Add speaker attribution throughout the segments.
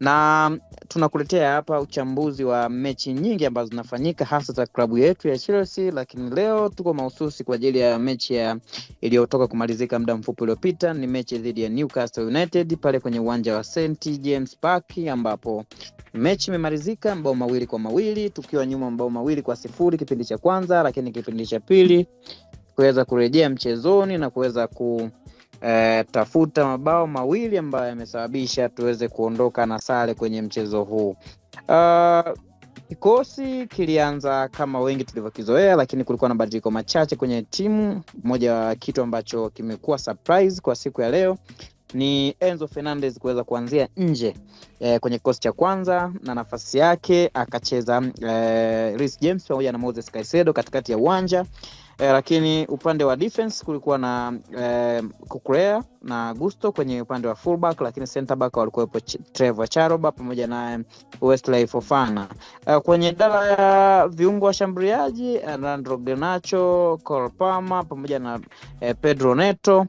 Speaker 1: na tunakuletea hapa uchambuzi wa mechi nyingi ambazo zinafanyika hasa za klabu yetu ya Chelsea, lakini leo tuko mahususi kwa ajili ya mechi ya iliyotoka kumalizika muda mfupi uliopita. Ni mechi dhidi ya Newcastle United pale kwenye uwanja wa St James Park, ambapo mechi imemalizika mabao mawili kwa mawili tukiwa nyuma mabao mawili kwa sifuri kipindi cha kwanza, lakini kipindi cha pili kuweza kurejea mchezoni na kuweza ku E, tafuta mabao mawili ambayo yamesababisha tuweze kuondoka na sare kwenye mchezo huu. Uh, kikosi kilianza kama wengi tulivyokizoea, lakini kulikuwa na mabadiliko machache kwenye timu. Moja ya kitu ambacho kimekuwa surprise kwa siku ya leo ni Enzo Fernandez kuweza kuanzia nje e, kwenye kikosi cha kwanza na nafasi yake akacheza e, Reece James pamoja na Moses Caicedo katikati ya uwanja e, lakini upande wa defense kulikuwa na e, eh, kukrea na Gusto kwenye upande wa fullback, lakini centerback walikuwepo Trevor Charoba pamoja na eh, westlay fofana e, kwenye idara ya viungo washambuliaji Alejandro Garnacho, Cole Palmer pamoja na e, Pedro Neto.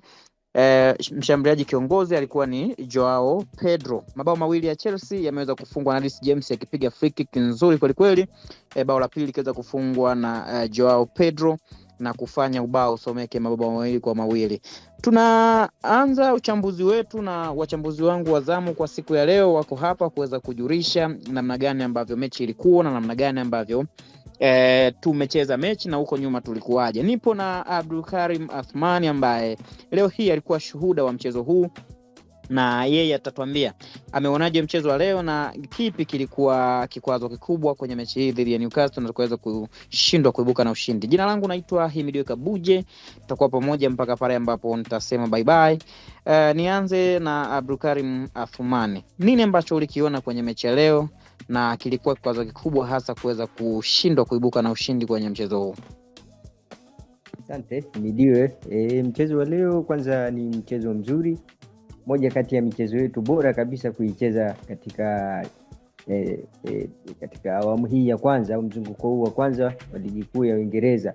Speaker 1: E, mshambuliaji kiongozi alikuwa ni Joao Pedro. Mabao mawili ya Chelsea yameweza kufungwa na James akipiga nzuri kwelikweli. e, bao la pili likiweza kufungwa na uh, Joao Pedro na kufanya ubao usomeke mabao mawili kwa mawili. Tunaanza uchambuzi wetu na wachambuzi wangu wa zamu kwa siku ya leo wako hapa kuweza kujulisha namna gani ambavyo mechi ilikuwa na namna gani ambavyo E, tumecheza mechi na huko nyuma tulikuwaje. Nipo na Abdul Karim Athmani ambaye leo hii alikuwa shuhuda wa mchezo huu na yeye atatuambia ameonaje mchezo wa leo na kipi kilikuwa kikwazo kikubwa kwenye mechi hii dhidi ya Newcastle na tukaweza kushindwa kuibuka na ushindi. Jina langu naitwa himidio Kabuje, tutakuwa pamoja mpaka pale ambapo nitasema bye bye. Uh, nianze na Abdulkarim Afumani, nini ambacho ulikiona kwenye mechi ya leo na kilikuwa kikwazo kikubwa hasa kuweza kushindwa kuibuka na ushindi kwenye mchezo huu?
Speaker 2: Asante Himidiwe. E, eh, mchezo wa leo kwanza ni mchezo mzuri moja kati ya michezo yetu bora kabisa kuicheza katika E, e, katika awamu hii ya kwanza au mzunguko huu wa kwanza wa ligi kuu ya Uingereza.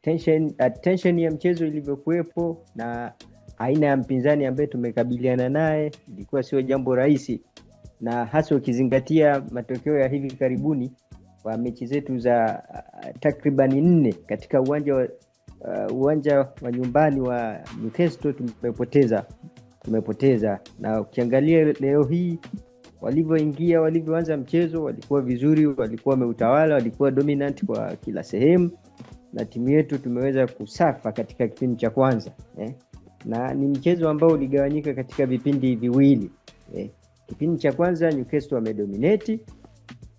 Speaker 2: Tension, tension ya mchezo ilivyokuwepo na aina ya mpinzani ambaye tumekabiliana naye ilikuwa sio jambo rahisi, na hasa ukizingatia matokeo ya hivi karibuni kwa mechi zetu za uh, takribani nne katika uwanja wa, uh, uwanja wa nyumbani wa Newcastle tumepoteza tumepoteza. Na ukiangalia leo hii walivyoingia, walivyoanza mchezo, walikuwa vizuri, walikuwa wameutawala, walikuwa dominant kwa kila sehemu, na timu yetu tumeweza kusafa katika kipindi cha kwanza eh. Na ni mchezo ambao uligawanyika katika vipindi viwili eh. Kipindi cha kwanza Newcastle wamedominate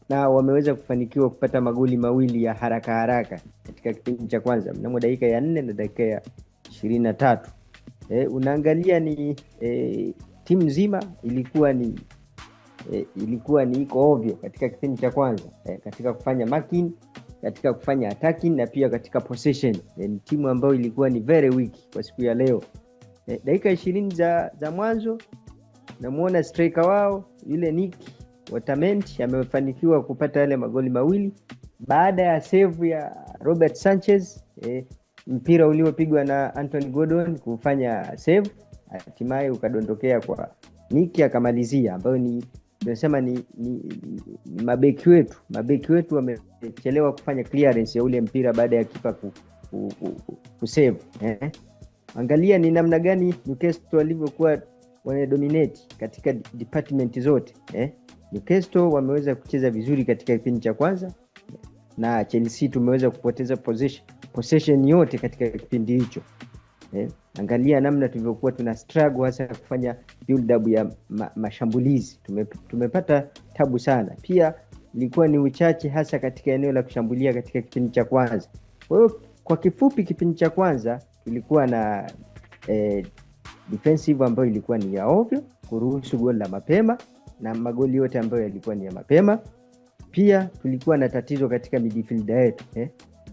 Speaker 2: na wameweza kufanikiwa kupata magoli mawili ya haraka haraka katika kipindi cha kwanza mnamo dakika ya nne na dakika ya ishirini na tatu e, unaangalia ni e, timu nzima ilikuwa ni e, ilikuwa ni iko ovyo katika kipindi cha kwanza e, katika kufanya marking, katika kufanya attacking na pia katika possession e, ni timu ambayo ilikuwa ni very weak kwa siku ya leo e, dakika ishirini za, za mwanzo namuona striker wao yule Nick Otamendi amefanikiwa kupata yale magoli mawili baada ya save ya Robert Sanchez e, mpira uliopigwa na Anthony Gordon kufanya save, hatimaye ukadondokea kwa Niki akamalizia, ambayo ni tunasema ni, ni, ni mabeki wetu mabeki wetu wamechelewa kufanya clearance ya ule mpira baada ya kipa ku, ku, ku, ku, kusave eh? Angalia ni namna gani Newcastle walivyokuwa wanadominate katika department zote eh? Newcastle wameweza kucheza vizuri katika kipindi cha kwanza na Chelsea tumeweza kupoteza possession, yote katika kipindi hicho eh? Angalia namna tulivyokuwa tuna struggle hasa kufanya ya ma mashambulizi. Tume, tumepata tabu sana. Pia ilikuwa ni uchache hasa katika eneo la kushambulia katika kipindi cha kwanza. Kwa hiyo kwa kifupi, kipindi cha kwanza tulikuwa na eh, defensive ambayo ilikuwa ni ya ovyo, kuruhusu goli la mapema na magoli yote ambayo yalikuwa ni ya mapema pia tulikuwa na tatizo katika midfield yetu eh.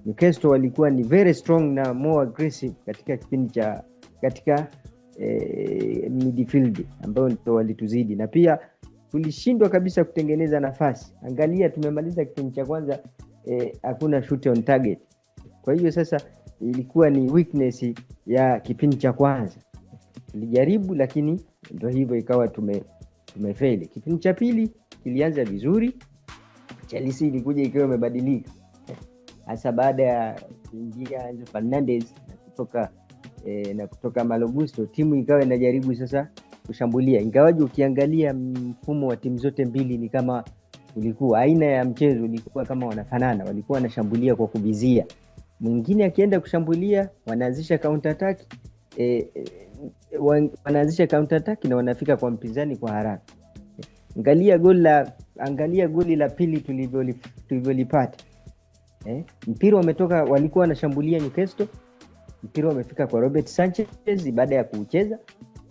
Speaker 2: Newcastle walikuwa ni very strong na more aggressive katika kipindi cha katika eh, midfield ambayo ndio walituzidi, na pia tulishindwa kabisa kutengeneza nafasi. Angalia, tumemaliza kipindi cha kwanza eh, hakuna eh, shoot on target. Kwa hiyo sasa ilikuwa ni weakness ya kipindi cha kwanza, tulijaribu lakini ndio hivyo ikawa tume tumefeli. Kipindi cha pili kilianza vizuri Chelsea ilikuja ikiwa imebadilika hasa baada ya kuingia Enzo Fernandez na kutoka e, na kutoka malogusto timu ikawa inajaribu sasa kushambulia, ingawaji ukiangalia mfumo wa timu zote mbili ni kama ulikuwa aina ya mchezo ulikuwa kama wanafanana, walikuwa wanashambulia kwa kuvizia, mwingine akienda kushambulia wanaanzisha kauntatak attack e, wanaanzisha counter na wanafika kwa mpinzani kwa haraka. Angalia gol la angalia goli la pili tulivyolipata eh? mpira wametoka, walikuwa wanashambulia Newcastle, mpira wamefika kwa Robert Sanchez baada ya kuucheza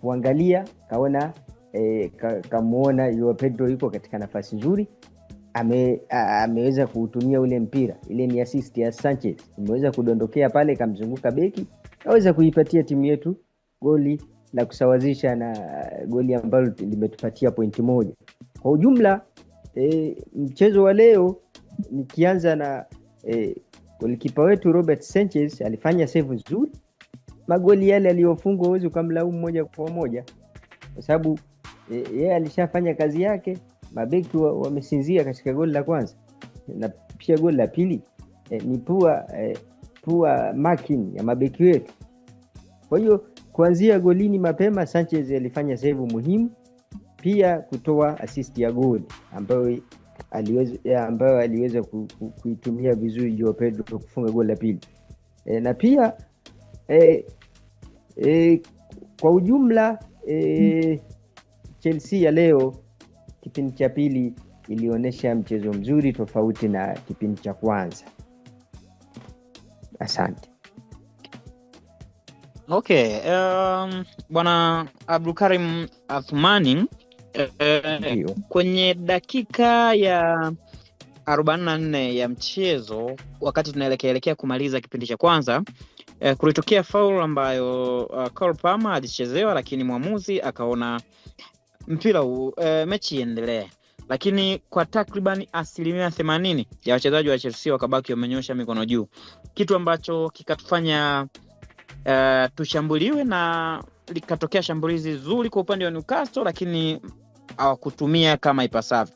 Speaker 2: kuangalia, kaona eh, kamwona Joao Pedro yuko katika nafasi nzuri ame, ameweza kuutumia ule mpira. Ile ni assist ya Sanchez, imeweza kudondokea pale, kamzunguka beki, aweza kuipatia timu yetu goli la kusawazisha na goli ambalo limetupatia pointi moja. Kwa ujumla E, mchezo wa leo nikianza na e, golikipa wetu Robert Sanchez alifanya sehevu nzuri. Magoli yale aliyofungwa uwezi ukamlaumu moja kwa moja kwa sababu eh, yeye e, alishafanya kazi yake. Mabeki wamesinzia wa katika goli la kwanza na pia goli la pili e, ni pua e, pua makin ya mabeki wetu. Kwa hiyo kuanzia golini mapema, Sanchez alifanya save muhimu pia kutoa asisti ya goli ambayo aliweza ambayo aliweza kuitumia vizuri Joao Pedro kufunga goli la pili e, na pia e, e, kwa ujumla e, Chelsea ya leo kipindi cha pili ilionyesha mchezo mzuri tofauti na kipindi cha kwanza. Asante.
Speaker 1: Okay, um, bwana Abdulkarim Athumani Eh, kwenye dakika ya 44 ya mchezo, wakati tunaelekeaelekea kumaliza kipindi cha kwanza, eh, kulitokea faul ambayo uh, Palmer alichezewa, lakini mwamuzi akaona mpira huu, eh, mechi iendelee, lakini kwa takriban asilimia themanini ya wachezaji wa Chelsea wakabaki wamenyosha mikono juu, kitu ambacho kikatufanya uh, tushambuliwe na likatokea shambulizi zuri kwa upande wa Newcastle, lakini hawakutumia kama ipasavyo.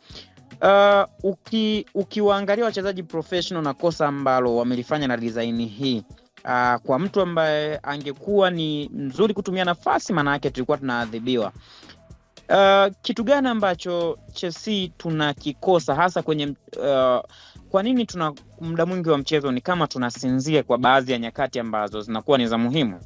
Speaker 1: Uh, uki, ukiwaangalia wachezaji professional na kosa ambalo wamelifanya na disaini hii uh, kwa mtu ambaye angekuwa ni mzuri kutumia nafasi, maana yake tulikuwa tunaadhibiwa. Uh, kitu gani ambacho Chelsea tunakikosa hasa kwenye uh, kwa nini tuna muda mwingi wa mchezo ni kama tunasinzia kwa baadhi ya nyakati ambazo zinakuwa ni za muhimu?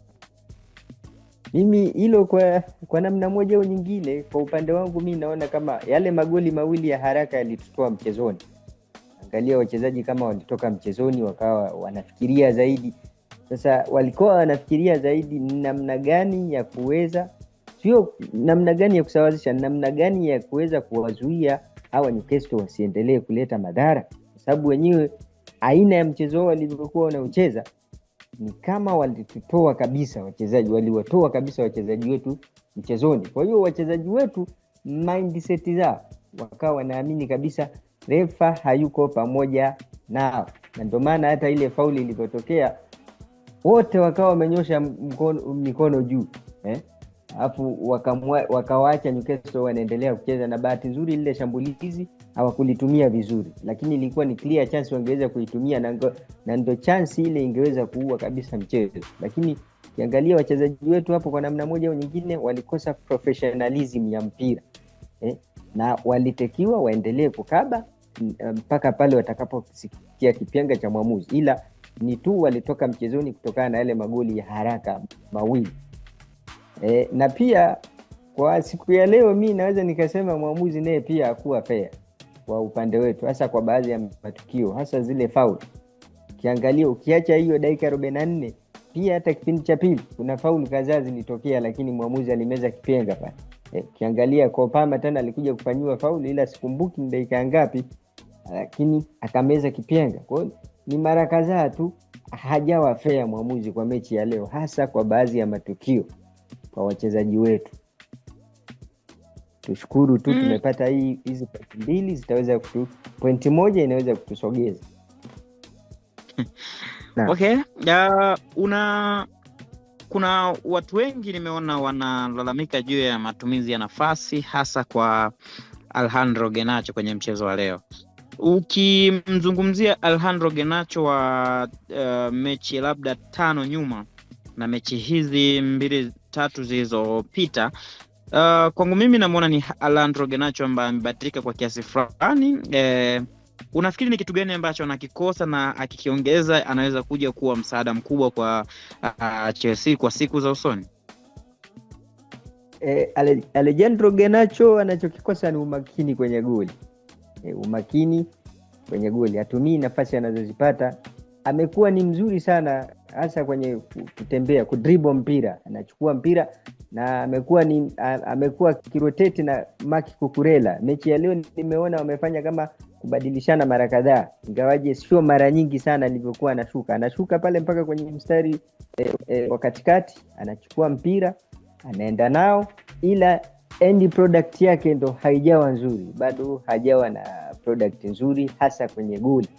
Speaker 2: Mimi hilo kwa kwa namna moja au nyingine, kwa upande wangu mi naona kama yale magoli mawili ya haraka yalitutoa mchezoni. Angalia wachezaji kama walitoka mchezoni wakawa wanafikiria zaidi. Sasa walikuwa wanafikiria zaidi ni namna gani ya kuweza, sio namna gani ya kusawazisha, namna gani ya kuweza kuwazuia hawa nyukesto wasiendelee kuleta madhara, kwa sababu wenyewe aina ya mchezo wao walivyokuwa wanaocheza ni kama walitutoa kabisa wachezaji, waliwatoa kabisa wachezaji wetu mchezoni. Kwa hiyo wachezaji wetu mindset zao wakawa wanaamini kabisa refa hayuko pamoja nao, na ndio maana hata ile fauli ilivyotokea wote wakawa wamenyosha mikono juu eh? Alafu wakawaacha nyukeso wanaendelea kucheza, na bahati nzuri lile shambulizi hawakulitumia vizuri, lakini ilikuwa ni clear chance wangeweza kuitumia, na ndo chance ile ingeweza kuua kabisa mchezo. Lakini ukiangalia wachezaji wetu hapo, kwa namna moja au nyingine, walikosa professionalism ya mpira eh? na walitekiwa waendelee kukaba mm, eh, mpaka pale watakaposikia kipyanga cha mwamuzi, ila ni tu walitoka mchezoni kutokana na yale magoli ya haraka mawili e, na pia kwa siku ya leo mi naweza nikasema mwamuzi naye pia akuwa fea kwa upande wetu, hasa kwa baadhi ya matukio, hasa zile faul. Ukiangalia, ukiacha hiyo dakika arobaini na nne pia hata kipindi cha pili kuna faul kadhaa zilitokea, lakini mwamuzi alimeza kipenga pale. Eh, ukiangalia e, Kopama tena alikuja kufanyiwa faul, ila sikumbuki ni dakika ngapi, lakini akameza kipenga. kwao ni mara kadhaa tu hajawa mwamuzi kwa mechi ya leo, hasa kwa baadhi ya matukio kwa wachezaji wetu tushukuru tu mm. tumepata hii hizi pointi mbili zitaweza kutu pointi moja inaweza kutusogeza
Speaker 1: okay uh, una kuna watu wengi nimeona wanalalamika juu ya matumizi ya nafasi hasa kwa alhandro genacho kwenye mchezo wa leo. Ukimzungumzia alhandro genacho wa uh, mechi labda tano nyuma na mechi hizi mbili tatu zilizopita, Uh, kwangu mimi namwona ni Alejandro Garnacho ambaye amebadilika kwa kiasi fulani eh, unafikiri ni kitu gani ambacho anakikosa na akikiongeza anaweza kuja kuwa msaada mkubwa kwa uh, Chelsea kwa siku za usoni?
Speaker 2: Eh, Ale, Alejandro Garnacho anachokikosa ni umakini kwenye goli eh, umakini kwenye goli, hatumii nafasi anazozipata. Amekuwa ni mzuri sana hasa kwenye kutembea, kudribo mpira, anachukua mpira na amekuwa ni amekuwa akiroteti na Mark Kukurela. Mechi ya leo nimeona wamefanya kama kubadilishana mara kadhaa, ingawaje sio mara nyingi sana alivyokuwa anashuka. Anashuka pale mpaka kwenye mstari eh, eh, wa katikati, anachukua mpira anaenda nao, ila end product yake ndo haijawa nzuri, bado hajawa na product nzuri, hasa kwenye goli.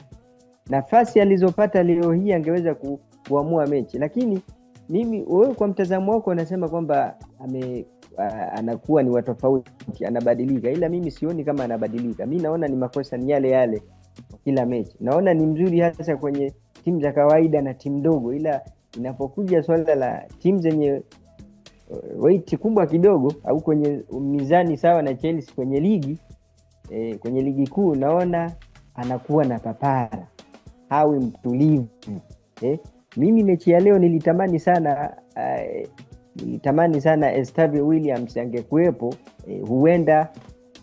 Speaker 2: Nafasi alizopata leo hii angeweza ku, kuamua mechi, lakini mimi wewe kwa mtazamo wako anasema kwamba ame anakuwa ni watofauti anabadilika ila mimi sioni kama anabadilika mi naona ni makosa ni yale yale kila mechi naona ni mzuri hasa kwenye timu za kawaida na timu ndogo ila inapokuja swala la timu zenye weiti kubwa kidogo au kwenye mizani sawa na chelsea kwenye ligi e, kwenye ligi kuu naona anakuwa na papara hawi mtulivu eh? Mimi mechi ya leo nilitamani sana uh, nilitamani sana Estevao Williams angekuwepo eh, huenda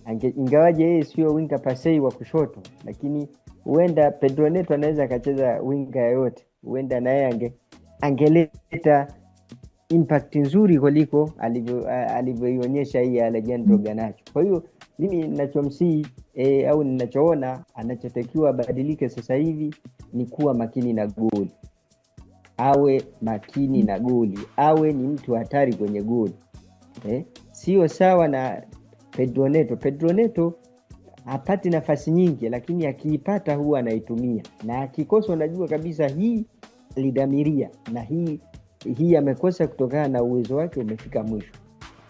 Speaker 2: ange, ingawaje yeye sio winga pasei wa kushoto, lakini huenda Pedro Neto anaweza akacheza winga yoyote, huenda naye ange, angeleta impact nzuri kuliko alivyoionyesha hii Alejandro Ganacho. Kwa hiyo mimi nachomsii eh, au ninachoona anachotakiwa abadilike sasa hivi ni kuwa makini na goli awe makini na goli, awe ni mtu hatari kwenye goli eh? Sio sawa na Pedro Neto. Pedro Neto hapati nafasi nyingi, lakini akiipata huwa anaitumia, na akikosa anajua kabisa hii lidamiria na hii hii amekosa kutokana na uwezo wake umefika mwisho.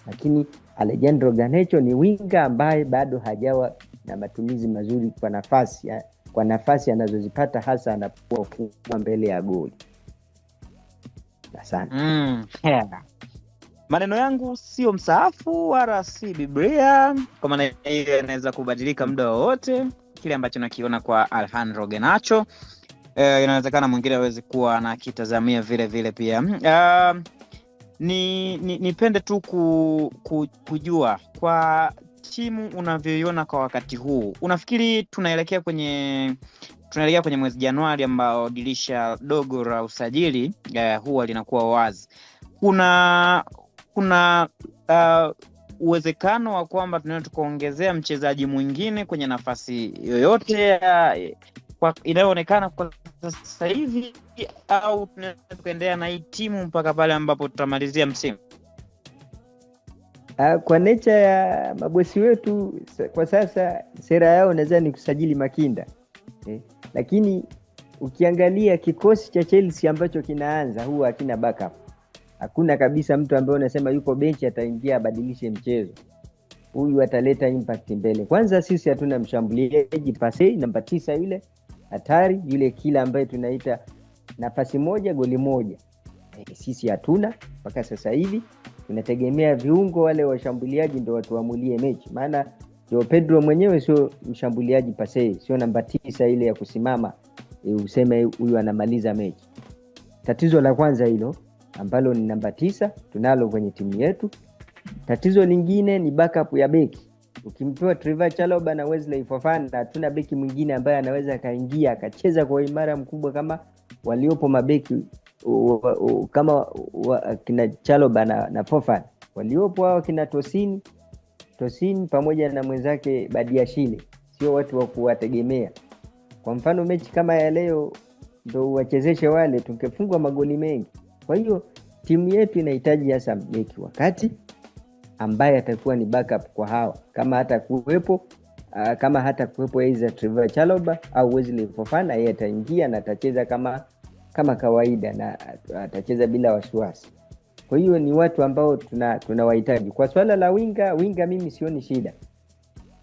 Speaker 2: Lakini Alejandro ganecho ni winga ambaye bado hajawa na matumizi mazuri kwa nafasi kwa nafasi anazozipata hasa anapokuwa mbele ya goli. Asante mm, yeah.
Speaker 1: Maneno yangu sio msaafu wala si Biblia, kwa maana hiyo yanaweza kubadilika muda wowote. Kile ambacho nakiona kwa alhandro genacho uh, inawezekana mwingine awezi kuwa nakitazamia vile vile pia. Uh, ni nipende ni tu ku, ku, kujua kwa timu unavyoiona kwa wakati huu, unafikiri tunaelekea kwenye tunaelekea kwenye mwezi Januari ambao dirisha dogo la usajili uh, huwa linakuwa wazi. Kuna kuna uh, uwezekano wa kwamba tunaweza tukaongezea mchezaji mwingine kwenye nafasi yoyote uh, inayoonekana kwa sasa hivi, au tunaweza tukaendelea na hii timu mpaka pale ambapo tutamalizia msimu?
Speaker 2: Ah, kwa necha ya mabosi wetu kwa sasa, sera yao nazani kusajili makinda eh lakini ukiangalia kikosi cha Chelsea ambacho kinaanza huwa hakina backup. Hakuna kabisa mtu ambaye unasema yuko benchi ataingia abadilishe mchezo, huyu ataleta impact mbele. Kwanza sisi hatuna mshambuliaji pase namba tisa yule hatari yule, kila ambaye tunaita nafasi moja goli moja, e, sisi hatuna mpaka sasa hivi. Tunategemea viungo wale washambuliaji ndo watuamulie mechi maana So Pedro mwenyewe sio mshambuliaji pasee, sio namba tisa ile ya kusimama e, useme huyu anamaliza mechi. Tatizo la kwanza hilo ambalo ni namba tisa tunalo kwenye timu yetu. Tatizo lingine ni backup ya beki. Ukimtoa Trevor chaloba na Wesley Fofana, hatuna beki mwingine ambaye anaweza akaingia akacheza kwa imara mkubwa kama waliopo mabeki o, o, o, kama o, kina chaloba na, na fofan waliopo hao kina Tosini Tosin pamoja na mwenzake Badiashile sio watu wa kuwategemea. Kwa mfano mechi kama ya leo ndo uwachezeshe wale, tungefungwa magoli mengi. Kwa hiyo timu yetu inahitaji hasa beki wa kati ambaye atakuwa ni backup kwa hawa, kama hata kuwepo uh, kama hata kuwepo aidha Trevor Chalobah au Wesley Fofana, yeye ataingia na atacheza kama kama kawaida na ah, atacheza bila wasiwasi. Kwa hiyo ni watu ambao tuna tunawahitaji kwa swala la winga. Winga mimi sioni shida,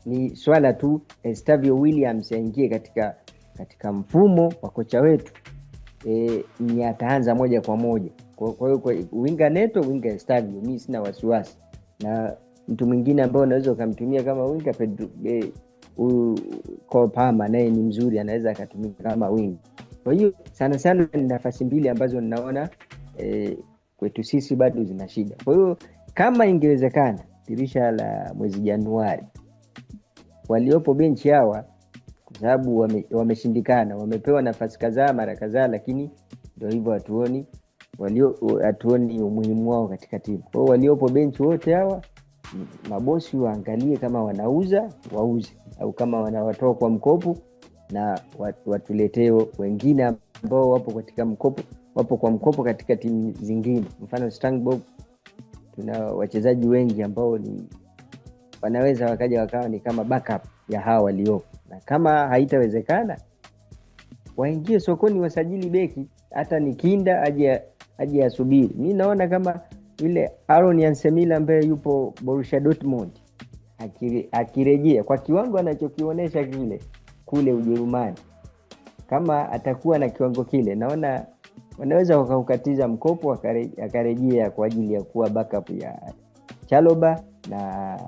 Speaker 2: ni swala tu Estavio Williams aingie katika katika mfumo wa kocha wetu e, ni ataanza moja kwa moja. Kwa hiyo winga Neto, winga Estavio, mi sina wasiwasi na mtu mwingine ambao unaweza ukamtumia kama winga Pedro, Kopama e, naye ni mzuri, anaweza akatumika kama wingi Kwa hiyo sana sana ni nafasi mbili ambazo ninaona e, kwetu sisi bado zina shida. Kwa hiyo kama ingewezekana dirisha la mwezi Januari, waliopo benchi hawa kwa sababu wame, wameshindikana, wamepewa nafasi kadhaa mara kadhaa, lakini ndo hivyo, hatuoni hatuoni umuhimu wao katika timu. kwao waliopo benchi wote hawa mabosi waangalie kama wanauza wauze, au kama wanawatoa kwa mkopo na watuletee wengine ambao wapo katika mkopo wapo kwa mkopo katika timu zingine. Mfano Strasbourg tuna wachezaji wengi ambao ni wanaweza wakaja wakawa ni kama backup ya hawa waliopo, na kama haitawezekana waingie sokoni wasajili beki, hata ni kinda aje asubiri. Mi naona kama yule Aaron Yansemila ambaye yupo Borussia Dortmund akirejea kwa kiwango anachokionyesha kile kule Ujerumani, kama atakuwa na kiwango kile, naona wanaweza wakaukatiza mkopo akarejea kwa ajili ya kuwa backup ya Chaloba na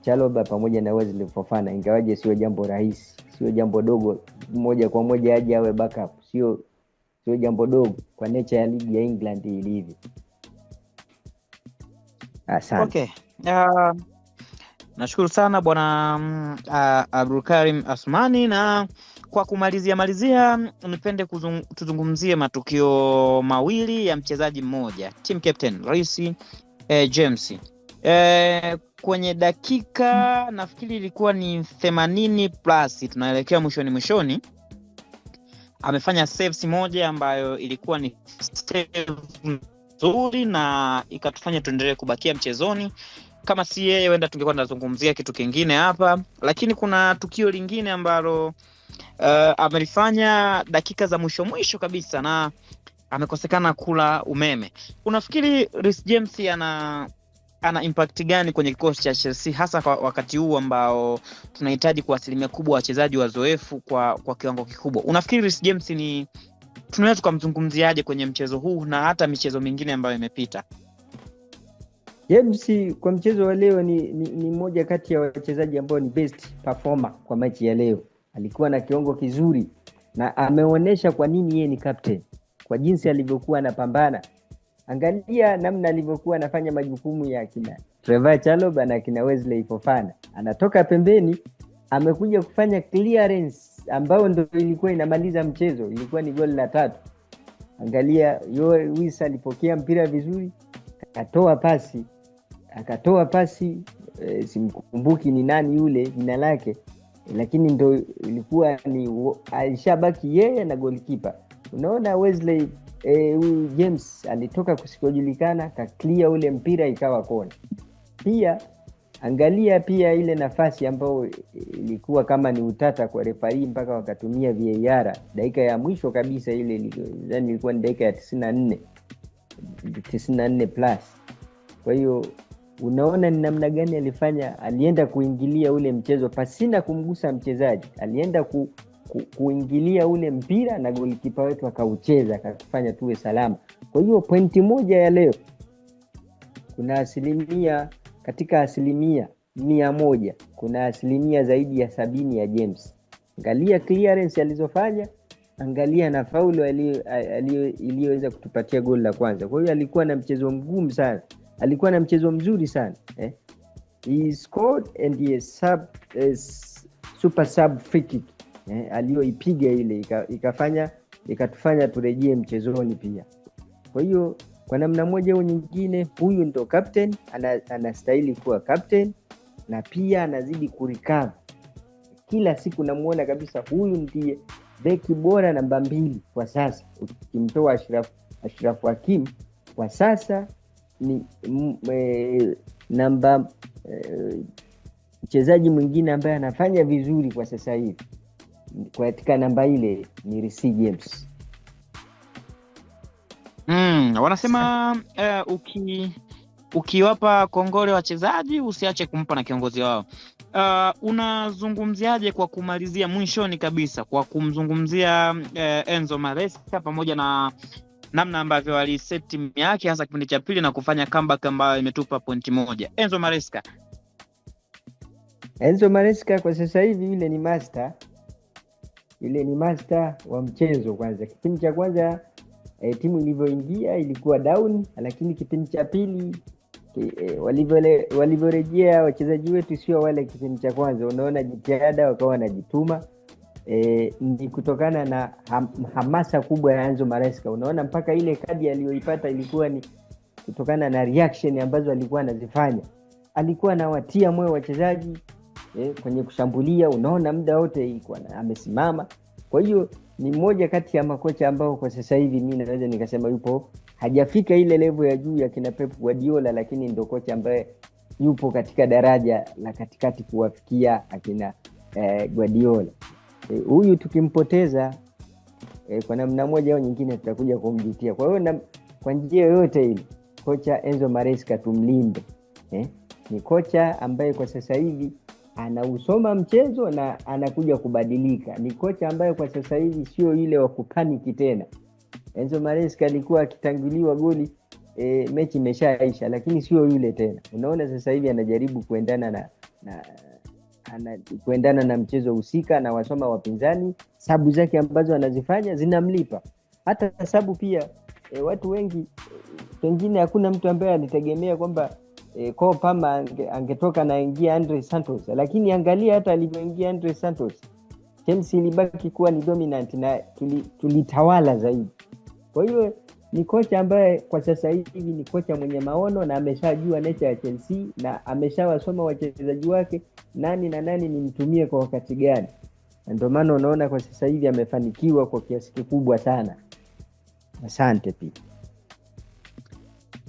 Speaker 2: Chaloba pamoja na Wesley Fofana, ingawaje sio jambo rahisi, sio jambo dogo moja kwa moja aje awe backup, sio sio jambo dogo kwa nature ya ligi ya England ilivyo. Asante.
Speaker 1: Okay. Uh, nashukuru sana bwana uh, Abdulkarim Asmani na kwa kumalizia malizia, nipende kuzung, tuzungumzie matukio mawili ya mchezaji mmoja team captain Reece eh, James eh, kwenye dakika nafikiri ilikuwa ni themanini plus, tunaelekea mwishoni mwishoni, amefanya saves moja ambayo ilikuwa ni nzuri na ikatufanya tuendelee kubakia mchezoni. Kama si yeye, huenda tungekuwa tunazungumzia kitu kingine hapa, lakini kuna tukio lingine ambalo uh, amelifanya dakika za mwisho mwisho kabisa na amekosekana kula umeme. Unafikiri Reece James ana ana impact gani kwenye kikosi cha Chelsea hasa kwa wakati huu ambao tunahitaji kwa asilimia kubwa wachezaji wazoefu kwa kwa kiwango kikubwa? Unafikiri Reece James ni tunaweza tukamzungumziaje kwenye mchezo huu na hata michezo mingine ambayo imepita?
Speaker 2: James kwa mchezo wa leo ni, ni, ni moja kati ya wachezaji ambao ni best performer kwa mechi ya leo alikuwa na kiungo kizuri na ameonyesha kwa nini yeye ni captain kwa jinsi alivyokuwa anapambana. Angalia namna alivyokuwa anafanya majukumu ya kina Trevor Chalobah na kina Wesley Fofana, anatoka pembeni amekuja kufanya clearance ambayo ndio ilikuwa inamaliza mchezo, ilikuwa ni goli la tatu. Angalia Wisa alipokea mpira vizuri, akatoa pasi akatoa pasi e, simkumbuki ni nani yule jina lake, lakini ndo ilikuwa ni alishabaki yeye na golkipa Unaona Wesley eh, James alitoka kusikojulikana kaklia ule mpira ikawa kona. Pia angalia pia ile nafasi ambayo ilikuwa kama ni utata kwa refari mpaka wakatumia VAR dakika ya mwisho kabisa ile, ilikuwa ni dakika ya tisini na nne tisini na nne plus kwa hiyo unaona ni namna gani alifanya, alienda kuingilia ule mchezo pasina kumgusa mchezaji, alienda ku, ku, kuingilia ule mpira na golikipa wetu akaucheza, akatufanya tuwe salama. Kwa hiyo pointi moja ya leo kuna asilimia katika asilimia mia moja kuna asilimia zaidi ya sabini ya James. Angalia clearance alizofanya, angalia na faulo iliyoweza kutupatia goli la kwanza. Kwa hiyo alikuwa na mchezo mgumu sana alikuwa na mchezo mzuri sana eh? he scored and he sub, eh, super sub free kick eh? aliyoipiga ile ikafanya ikatufanya turejee mchezoni pia. Kwa hiyo kwa namna moja au nyingine, huyu ndo captain anastahili kuwa captain, na pia anazidi kurikava kila siku. namwona kabisa huyu ndiye beki bora namba mbili kwa sasa, ukimtoa ashirafu Hakim kwa sasa ni e, namba e, mchezaji mwingine ambaye anafanya vizuri kwa sasa hivi katika namba ile ni Reece James.
Speaker 1: Mm, wanasema uh, uki ukiwapa kongole wachezaji usiache kumpa na kiongozi wao. Uh, unazungumziaje kwa kumalizia mwishoni kabisa kwa kumzungumzia uh, Enzo maresa pamoja na namna ambavyo waliset timu yake hasa kipindi cha pili na kufanya comeback ambayo imetupa pointi moja. Enzo Maresca,
Speaker 2: Enzo Maresca kwa sasa hivi yule ni master, yule ni master wa mchezo. Kwanza kipindi cha kwanza e, timu ilivyoingia ilikuwa down, lakini kipindi cha pili e, walivyorejea wachezaji wetu sio wale kipindi cha kwanza, unaona jitihada, wakawa wanajituma e, ni kutokana na ham, hamasa kubwa ya Anzo Maresca. Unaona mpaka ile kadi aliyoipata ilikuwa ni kutokana na reaction ambazo alikuwa anazifanya. Alikuwa anawatia moyo wachezaji e, kwenye kushambulia, unaona muda wote ilikuwa amesimama. Kwa hiyo ni mmoja kati ya makocha ambao kwa sasa hivi mi naweza nikasema yupo hajafika ile level ya juu ya kina Pep Guardiola, lakini ndo kocha ambaye yupo katika daraja la katikati kuwafikia akina eh, Guardiola huyu e, tukimpoteza e, kwa namna moja au nyingine tutakuja kumjutia. Kwa hiyo kwa njia yoyote ile kocha Enzo Maresca tumlinde eh? Ni kocha ambaye kwa sasa hivi anausoma mchezo na anakuja kubadilika. Ni kocha ambaye kwa sasa hivi sio ile wa kupaniki tena. Enzo Maresca alikuwa akitanguliwa goli e, mechi imeshaisha, lakini sio yule tena. Unaona sasa hivi anajaribu kuendana na, na kuendana na mchezo husika na wasoma wapinzani, sabu zake ambazo anazifanya zinamlipa. Hata sabu pia e, watu wengi pengine hakuna mtu ambaye alitegemea kwamba e, kopama angetoka anaingia Andre Santos, lakini angalia hata alivyoingia Andre Santos, Chelsea ilibaki kuwa ni dominant na tulitawala zaidi. Kwa hiyo ni kocha ambaye kwa sasa hivi ni kocha mwenye maono na ameshajua necha ya Chelsea na ameshawasoma wachezaji wake nani na nani nimtumie kwa wakati gani, na ndio maana unaona kwa sasa hivi amefanikiwa kwa kiasi kikubwa sana. Asante pia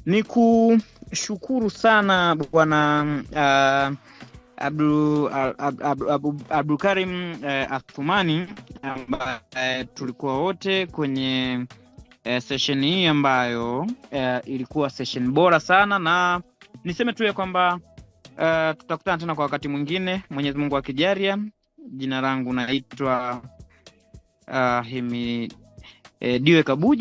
Speaker 1: ni kushukuru sana bwana uh, Abdulkarim uh, Athumani ambaye uh, tulikuwa wote kwenye eh, session hii ambayo eh, ilikuwa session bora sana, na niseme tu ya kwamba eh, tutakutana tena kwa wakati mwingine, Mwenyezi Mungu akijalia. Jina langu naitwa uh, Himidiwe eh, eh Kabuje.